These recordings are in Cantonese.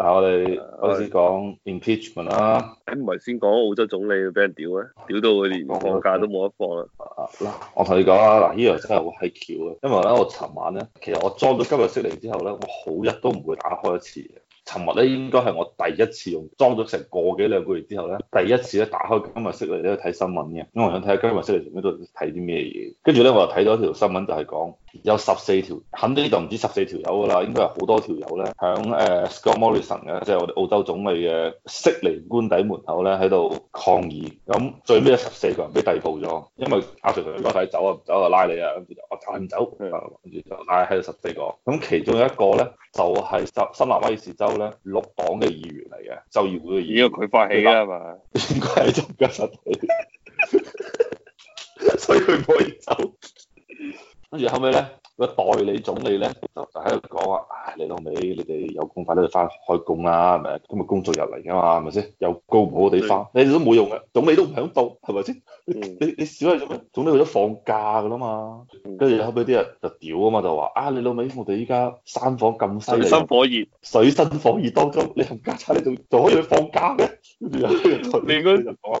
嗱，我哋開始講 impeachment 啦。誒，唔係先講澳洲總理俾人屌咩？屌到佢連放假都冇得放啦。嗱，我同你講啊！嗱，呢樣真係好係巧啊！因為咧，我尋晚咧，其實我裝咗今日悉尼之後咧，我好日都唔會打開一次嘅。尋日咧應該係我第一次用，裝咗成個幾兩個月之後咧，第一次咧打開今日悉尼咧睇新聞嘅。因為我想睇下今日悉尼喺度睇啲咩嘢。跟住咧，我又睇咗條新聞就，就係講。有十四條，肯定就唔止十四條友噶啦，應該有好多條友咧，喺誒、uh, Scott Morrison 嘅，即係我哋澳洲總理嘅悉尼官邸門口咧，喺度抗議。咁最尾咧，十四個人俾逮捕咗，因為阿 Sir 同個仔走啊，唔走啊，拉你啊，咁就我就唔走，跟住的就拉喺度十四個。咁其中一個咧，就係、是、新新南威爾士州咧綠黨嘅議員嚟嘅，州議會嘅議員。呢個佢發起嘅嘛， 應該係做緊實體， 所以佢唔可以走。跟住後尾咧，個代理總理咧就喺度講話：唉、哎，你老味，你哋有工快啲返開工啦，咪今日工作日嚟㗎嘛，係咪先？有高唔好嘅地方，的你哋都冇用嘅。總理都唔響度，係咪先？你你少係做咩？總理去咗放假㗎啦嘛。跟住後尾啲人就屌啊嘛，就話：啊，你老味，我哋依家山火咁犀利，水深火熱，水深火熱當中，你冚家鏟你仲仲可以去放假嘅？你 就講，屌，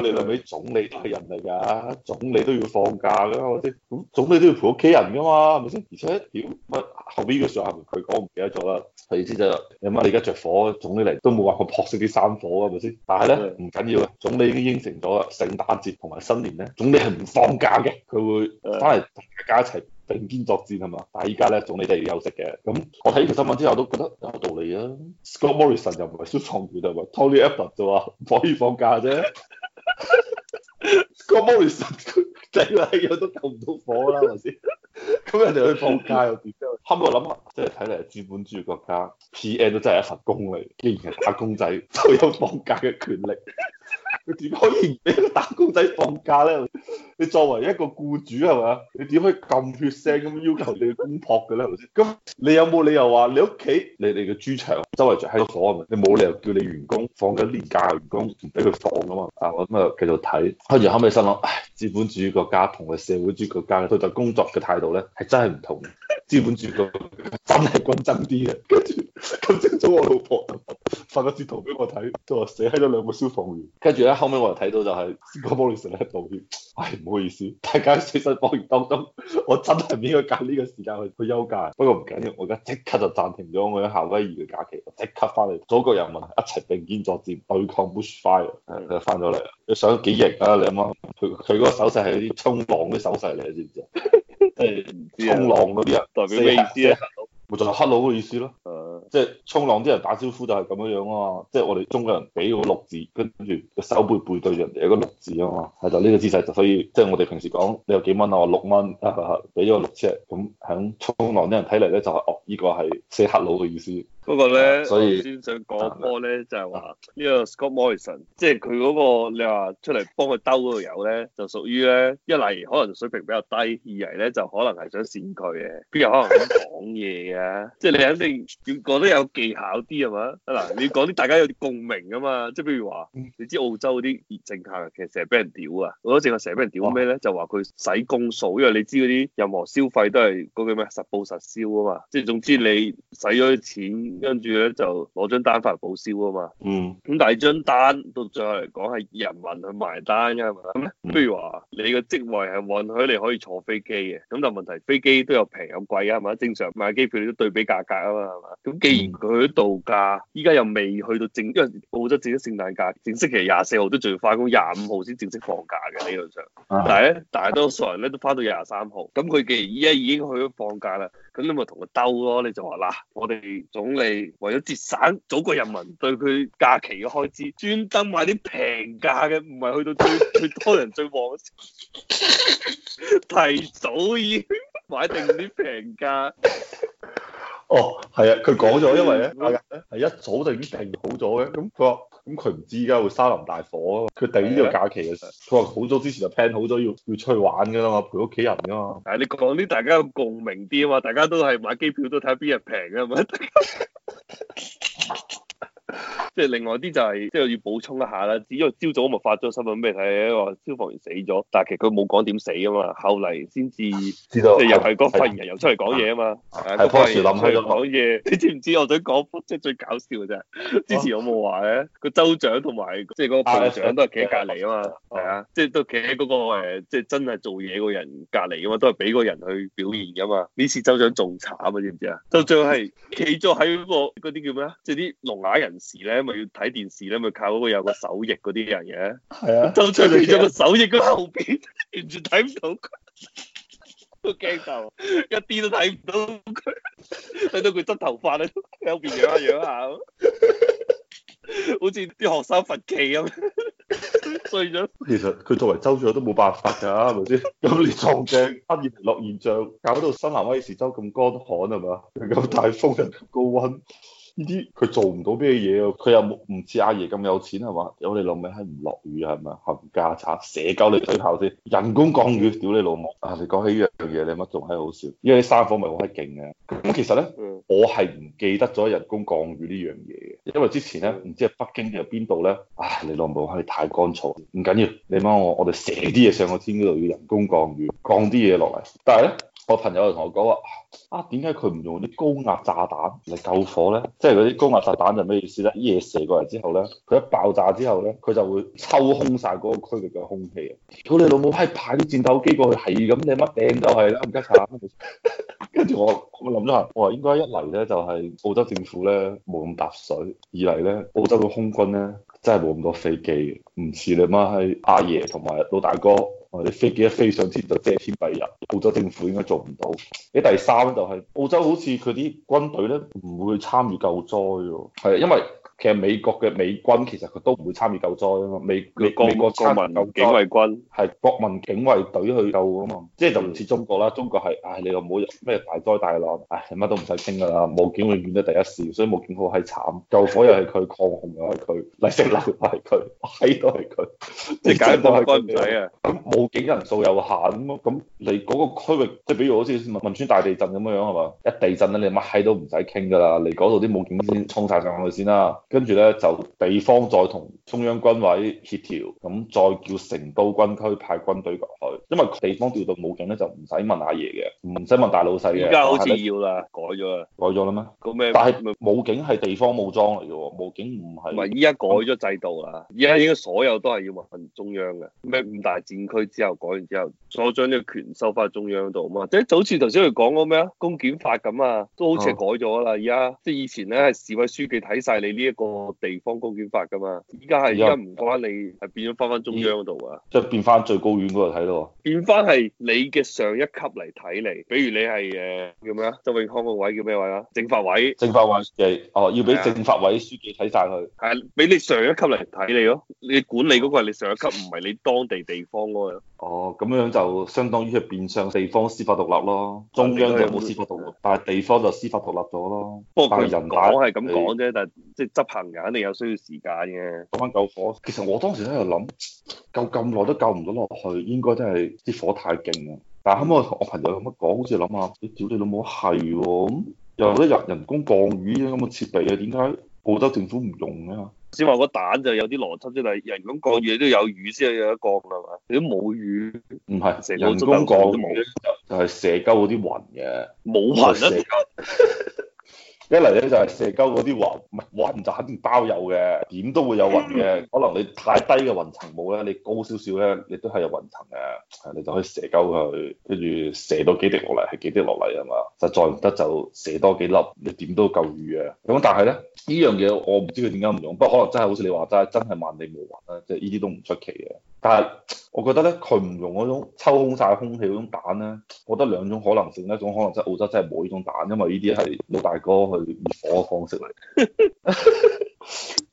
你諗起總理都係人嚟噶，總理都要放假噶，我知，總理都要陪屋企人噶嘛，係咪先？而且，屌，乜後邊呢個時候佢講唔記得咗啦。佢意思就係，阿媽你而家着火，總理嚟都冇話我撲熄啲山火啊，係咪先？但呢 係咧唔緊要，總理已經應承咗啦，聖誕節同埋新年咧，總理係唔放假嘅，佢會翻嚟大家一齊併肩作戰啊嘛，但係依家咧總理都要休息嘅，咁我睇呢條新聞之後我都覺得有道理啊。Scott Morrison 又唔係消防員啊嘛，Tony Abbott 就話唔可以放假啫。 Scott Morrison 個仔女閪樣都救唔到火啦，係咪先？咁 人哋去放假又點啫？哈我諗下，即係睇嚟資本主義國家 P N 都真係一份工嚟，既然係打工仔就有放假嘅權力。佢點可以唔俾個打工仔放假咧？ 你作為一個僱主係嘛？你點可以咁血腥咁要求你嘅工僕嘅咧？咁你有冇理由話你屋企你哋嘅豬場周圍著火啊？嗯、你冇理由叫你員工放緊年假嘅、嗯、員工唔俾佢放啊嘛？啊咁啊繼續睇，開住後尾心諗，資本主義國家同埋社會主義國家，佢對待工作嘅態度咧係真係唔同嘅。資本主義真係均真啲嘅，跟住咁清楚我老婆發個截圖俾我睇，都話死喺咗兩個消防員。跟住咧後尾我又睇到就係 s i n g a p o 道歉，係、哎、唔好意思，大家説真，僕員當中我真係唔應該揀呢個時間去去休假。不過唔緊要，我而家即刻就暫停咗我喺夏威夷嘅假期，我即刻翻嚟，祖國人民一齊並肩作戰對抗 Bushfire。係佢翻咗嚟，佢上咗幾型啊，你阿媽佢佢嗰個手勢係啲衝浪啲手勢嚟，知唔知啊？即係衝浪嗰啲人，代表咩意思咧？咪就係黑佬嘅意思咯。誒，uh, 即係衝浪啲人打招呼就係咁樣樣啊嘛。即係我哋中國人俾個六字，跟住個手背背對人哋有個六字啊嘛，係就呢個姿勢就所以，即係我哋平時講你有幾蚊啊？我六蚊，俾咗個六尺，咁響衝浪啲人睇嚟咧就係、是、哦，呢、這個係四黑佬嘅意思。不過咧，所以先想講波咧，就係話呢個 Scott Morrison，即係佢嗰個你話出嚟幫佢兜嗰個友咧，就屬於咧一嚟可能水平比較低，二嚟咧就可能係想跣佢嘅。邊有可能講嘢嘅。即係 你肯定要講得有技巧啲啊嘛。嗱，你講啲大家有啲共鳴啊嘛。即係譬如話，你知澳洲嗰啲政客其實成日俾人屌啊。嗰啲政客成日俾人屌咩咧？就話佢使公數，因為你知嗰啲任何消費都係嗰個咩實報實銷啊嘛。即係總之你使咗啲錢。跟住咧就攞、嗯、張單翻嚟報銷啊嘛，嗯，咁但係張單到最後嚟講係以人民去埋單嘅係嘛？咁譬如話你嘅職位係允許你可以坐飛機嘅，咁但係問題飛機都有平有貴啊係嘛？正常買機票你都對比價格啊嘛係嘛？咁既然佢去度假，依家又未去到正，因為澳洲正式聖誕假正式其實廿四號都仲要翻工，廿五號先正式放假嘅理論上，但係咧大多數人咧都翻到廿三號，咁佢既然依家已經去咗放假啦，咁你咪同佢兜咯，你就話嗱，我哋總理。係為咗節省祖國人民對佢假期嘅開支，專登買啲平價嘅，唔係去到最 最多人最旺，提早已經買定啲平價。哦，係啊，佢講咗，因為咧係一早就已經訂好咗嘅，咁佢話咁佢唔知而家會森林大火啊嘛，佢訂呢個假期嘅時候，佢話好早之前就 plan 好咗要要出去玩㗎啦嘛，陪屋企人㗎嘛，但係你講啲大家有共鳴啲啊嘛，大家都係買機票都睇下邊日平㗎嘛。 即係另外啲就係、是、即係我要補充一下啦，只因為朝早我咪發咗新聞俾你睇咧，消防員死咗，但係其實佢冇講點死啊嘛，後嚟先至知道，即係又係個廢人又出嚟講嘢啊嘛，係嗰個時諗佢講嘢，你知唔知我想講即係最搞笑嘅啫？之前我冇話咧，個州長同埋即係嗰個副長都係企喺隔籬啊嘛，係啊，即係、啊啊、都企喺嗰個即係、呃、真係做嘢個人隔籬啊嘛，都係俾個人去表現噶嘛，呢次州長仲慘啊，知唔知啊？州長係企咗喺嗰個嗰啲叫咩啊？即係啲聾啞人士咧。咪要睇電視咧，咪靠嗰個有個手翼嗰啲人嘅。係啊。周俊業喺個手翼嘅後邊，啊、完全睇唔到佢。都驚到，一啲都睇唔到佢。睇到佢執頭髮喺後邊，樣啊樣啊， 好似啲學生罰企咁樣。醉咗。其實佢作為周俊業都冇辦法㗎，係咪先？咁你撞正、黑熱落現象，搞到新南威士州咁乾旱係嘛？咁大風又咁高溫。呢啲佢做唔到咩嘢啊？佢又冇唔似阿爺咁有錢係嘛？有你老母閪唔落雨係咪啊？冚家鏟，射鳩你水炮先，人工降雨，屌你老母！啊，你講起呢樣嘢，你乜仲閪好笑？因為啲山火咪好閪勁嘅。咁其實咧，我係唔記得咗人工降雨呢樣嘢嘅，因為之前咧，唔知係北京定係邊度咧，唉、啊，你老母閪太乾燥，唔緊要，你幫我，我哋射啲嘢上個天嗰度，要人工降雨，降啲嘢落嚟。但係咧。我朋友又同我講話啊，點解佢唔用啲高壓炸彈嚟救火咧？即係嗰啲高壓炸彈就咩意思咧？一夜射過嚟之後咧，佢一爆炸之後咧，佢就會抽空晒嗰個區域嘅空氣啊！屌你老母閪派啲戰鬥機過去，係咁你乜掟就係啦，唔得慘。跟住我我諗咗下，我話應該一嚟咧就係、是、澳洲政府咧冇咁搭水，二嚟咧澳洲嘅空軍咧真係冇咁多飛機，唔似你媽係阿爺同埋老大哥。你飛機一飛上天就遮天蔽日，澳洲政府應該做唔到。啲第三就係、是、澳洲好似佢啲軍隊呢，唔會去參與救災喎，係因為。其實美國嘅美軍其實佢都唔會參與救災啊嘛，美美美國參與救災係國民警衛軍，係國民警衛隊去救啊嘛，即係、嗯、就唔似中國啦，中國係唉、哎、你又冇咩大災大難，唉、哎、乜都唔使傾噶啦，武警會管得第一時，所以武警好係慘，救火又係佢，抗洪又係佢，泥石流又係佢，乜都係佢，即係解到係軍隊啊，咁 武警人數有限咁咯，咁嚟嗰個區域，即係比如好似汶川大地震咁樣樣係嘛，一地震咧你乜閪都唔使傾噶啦，嚟嗰度啲武警先衝晒上去先啦。跟住咧就地方再同中央軍委協調，咁再叫成都軍區派軍隊過去，因為地方調到武警咧就唔使問阿爺嘅，唔使問大老細嘅。而家好似要啦，改咗啦。改咗啦咩？咩？但係武警係地方武裝嚟嘅喎，武警唔係。唔係，依家改咗制度啦，而家那應該所有都係要問中央嘅。咩五大戰區之後改完之後？所長嘅權收翻中央度啊嘛，即係就好似頭先佢講嗰咩啊，公檢法咁啊，都好似係改咗啦。而家、嗯、即係以前咧係市委書記睇晒你呢一個地方公檢法噶嘛，依家係而家唔關你，係變咗翻翻中央度啊，即係變翻最高院嗰度睇咯。變翻係你嘅上一級嚟睇你，比如你係誒、呃、叫咩啊？周永康個位叫咩位啊？政法委。政法委書記，哦，的要俾政法委書記睇晒佢。係俾你上一級嚟睇你咯，你管理嗰個係你上一級，唔係你當地地方嗰個。 哦，咁樣就相當於係變相地方司法獨立咯，中央就冇司法獨立，但係地方就司法獨立咗咯。不過佢講係咁講啫，但係即係執行人肯定有需要時間嘅。講返救火，其實我當時喺度諗，救咁耐都救唔到落去，應該真係啲火太勁啊！但係後尾我同我朋友咁樣講，好似諗下，屌、欸、你老母係喎，咁有得入人工降雨咁嘅設備啊，點解澳洲政府唔用咧？先話個蛋就有啲邏輯，即係係人咁，降雨都有雨先有得降係嘛，你都冇雨，唔係是射到 人中降雨都冇，就係射溝嗰啲雲嘅，冇雲啊～射 一嚟咧就係射溝嗰啲雲，唔係雲就肯定包有嘅，點都會有雲嘅。可能你太低嘅雲層冇咧，你高少少咧，亦都係有雲層嘅，係你就可以射溝佢，跟住射到幾滴落嚟係幾滴落嚟啊嘛。實在唔得就射多幾粒，你點都夠雨啊。咁但係咧，呢樣嘢我唔知佢點解唔用，不過可能真係好似你話齋，真係萬里無雲啦，即係呢啲都唔出奇嘅。但係我覺得咧，佢唔用嗰種抽空晒空氣嗰種彈咧，我覺得兩種可能性咧，一種可能真係澳洲真係冇呢種彈，因為呢啲係老大哥。熱火嘅方式嚟，嘅。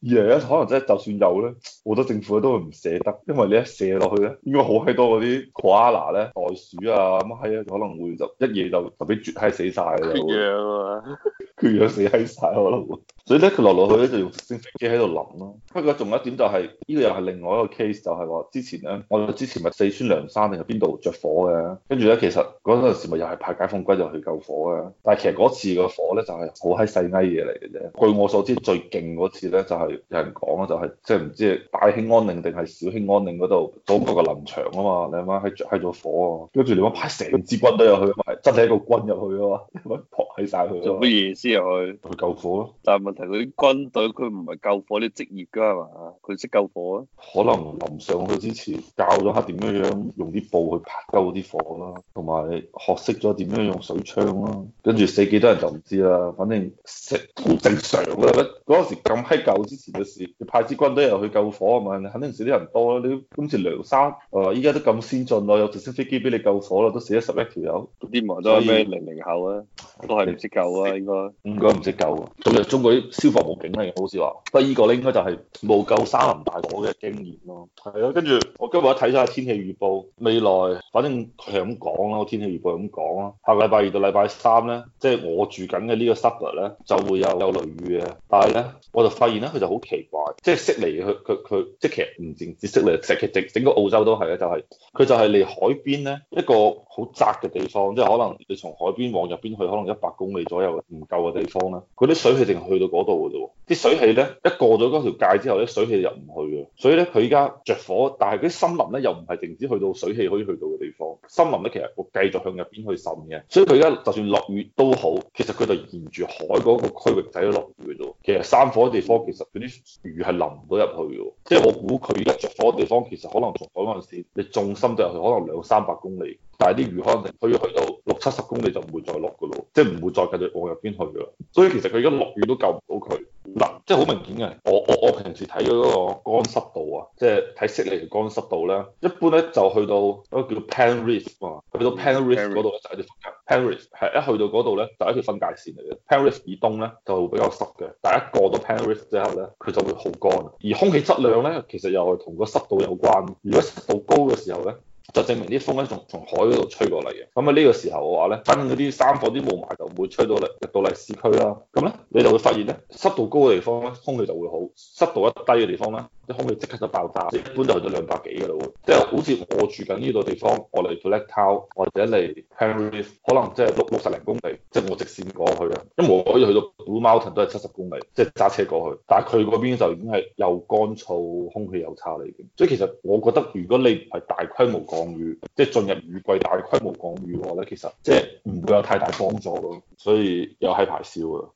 而咧，可能真係就算有咧，好多政府都會唔捨得，因為你一射落去咧，應該好閪多嗰啲考拉咧、袋鼠啊、乜閪啊，可能會就一夜就就俾絕閪死曬嘅啦。有 佢樣死閪曬我度， 所以咧佢落落去咧就用直升飛機喺度攢咯。不過仲有一點就係、係，呢、呢個又係另外一個 case，就係話之前咧，我之前咪四川涼山定係邊度着火嘅？跟住咧其實嗰陣時咪又係派解放軍入去救火嘅。但係其實嗰次個火咧就係好閪細埃嘢嚟嘅啫。據我所知最勁嗰次咧就係、係、有人講啦，就係、係、即係唔知係大興安嶺定係小興安嶺嗰度，中國個林場啊嘛，你阿媽喺着係咗火啊，跟住你阿媽派成支軍都入去嘛，真係一個軍入去啊嘛。 睇曬佢做乜嘢先啊？佢佢救火咯，但係問題佢啲軍隊佢唔係救火啲職業㗎係嘛？佢識救火啊？可能臨上去之前教咗下點樣樣用啲布去拍鳩啲火啦，同埋學識咗點樣用水槍啦，跟住死幾多人就唔知啦。反正好正常㗎，嗰 時咁閪舊之前嘅事，派支軍隊又去救火啊嘛，肯定死啲人多啦。你今次梁生誒依家都咁先進咯，有直升飛機俾你救火啦，都死咗十一條友，啲人都係咩零零後啊？以 唔識救啊！應該應該唔識救，咁就中國啲消防武警嚟嘅，好似話。不過依個咧應該就係冇救山林大火嘅經驗咯。係咯，跟住我今日一睇咗下天氣預報，未來反正佢係咁講咯，我天氣預報咁講咯。下禮拜二到禮拜三咧，即係我住緊嘅呢個 suburb 咧，就會有有雷雨嘅。但係咧，我就發現咧，佢就好奇怪，即係悉嚟去，佢佢，即其實唔淨止悉尼，成其整整個澳洲都係啊。就係、係、佢就係離海邊咧一個好窄嘅地方，即係可能你從海邊往入邊去，可能一百百公里左右唔夠嘅地方咧，嗰啲水氣淨係去到嗰度嘅啫喎。啲水氣咧一過咗嗰條界之後咧，水氣入唔去嘅，所以咧佢依家着火，但係嗰啲森林咧又唔係淨止去到水氣可以去到嘅地方，森林咧其實會繼續向入邊去滲嘅，所以佢而家就算落雨都好，其實佢就沿住海嗰個區域仔都落雨嘅啫。其實山火嘅地方其實佢啲魚係淋唔到入去嘅，即係我估佢而家着火嘅地方其實可能從海嗰陣時，你重心到入去可能兩三百公里，但係啲魚可能淨係可以去到。七十公里就唔會再落㗎咯，即係唔會再繼續往入邊去㗎咯。所以其實佢而家落雨都救唔到佢嗱，即係好明顯嘅。我我我平時睇咗嗰個乾濕度啊，即係睇悉尼嘅乾濕度咧，一般咧就去到一個叫做 Penrith 嘛，去到 Penrith 嗰度咧就一條分界。Penrith 係一去到嗰度咧就一條分界線嚟嘅。Penrith 以東咧就會比較濕嘅，但一過到 Penrith 之後咧佢就會好乾。而空氣質量咧其實又係同個濕度有關。如果濕度高嘅時候咧。就證明啲風係，從海嗰度吹過嚟嘅。咁啊，呢個時候嘅話，呢反正嗰啲山火、啲霧霾就唔會吹到嚟，入到嚟市區啦。咁咧，你就會發現咧，濕度高嘅地方咧，空氣就會好；濕度一低嘅地方咧。空氣即刻就爆炸，左右左右，即一般就去到兩百幾嘅咯。即係好似我住緊呢度地方，我嚟 Blacktown 或者嚟 Penrith 可能即係六六十零公里，即係我直線過去啊。因為我可以去到 Blue Mountain 都係七十公里，即係揸車過去，但係佢嗰邊就已經係又乾燥，空氣又差嚟嘅，所以其實我覺得如果你唔係大規模降雨，即係進入雨季大規模降雨嘅話咧，其實即係唔會有太大幫助咯，所以又係排少啊。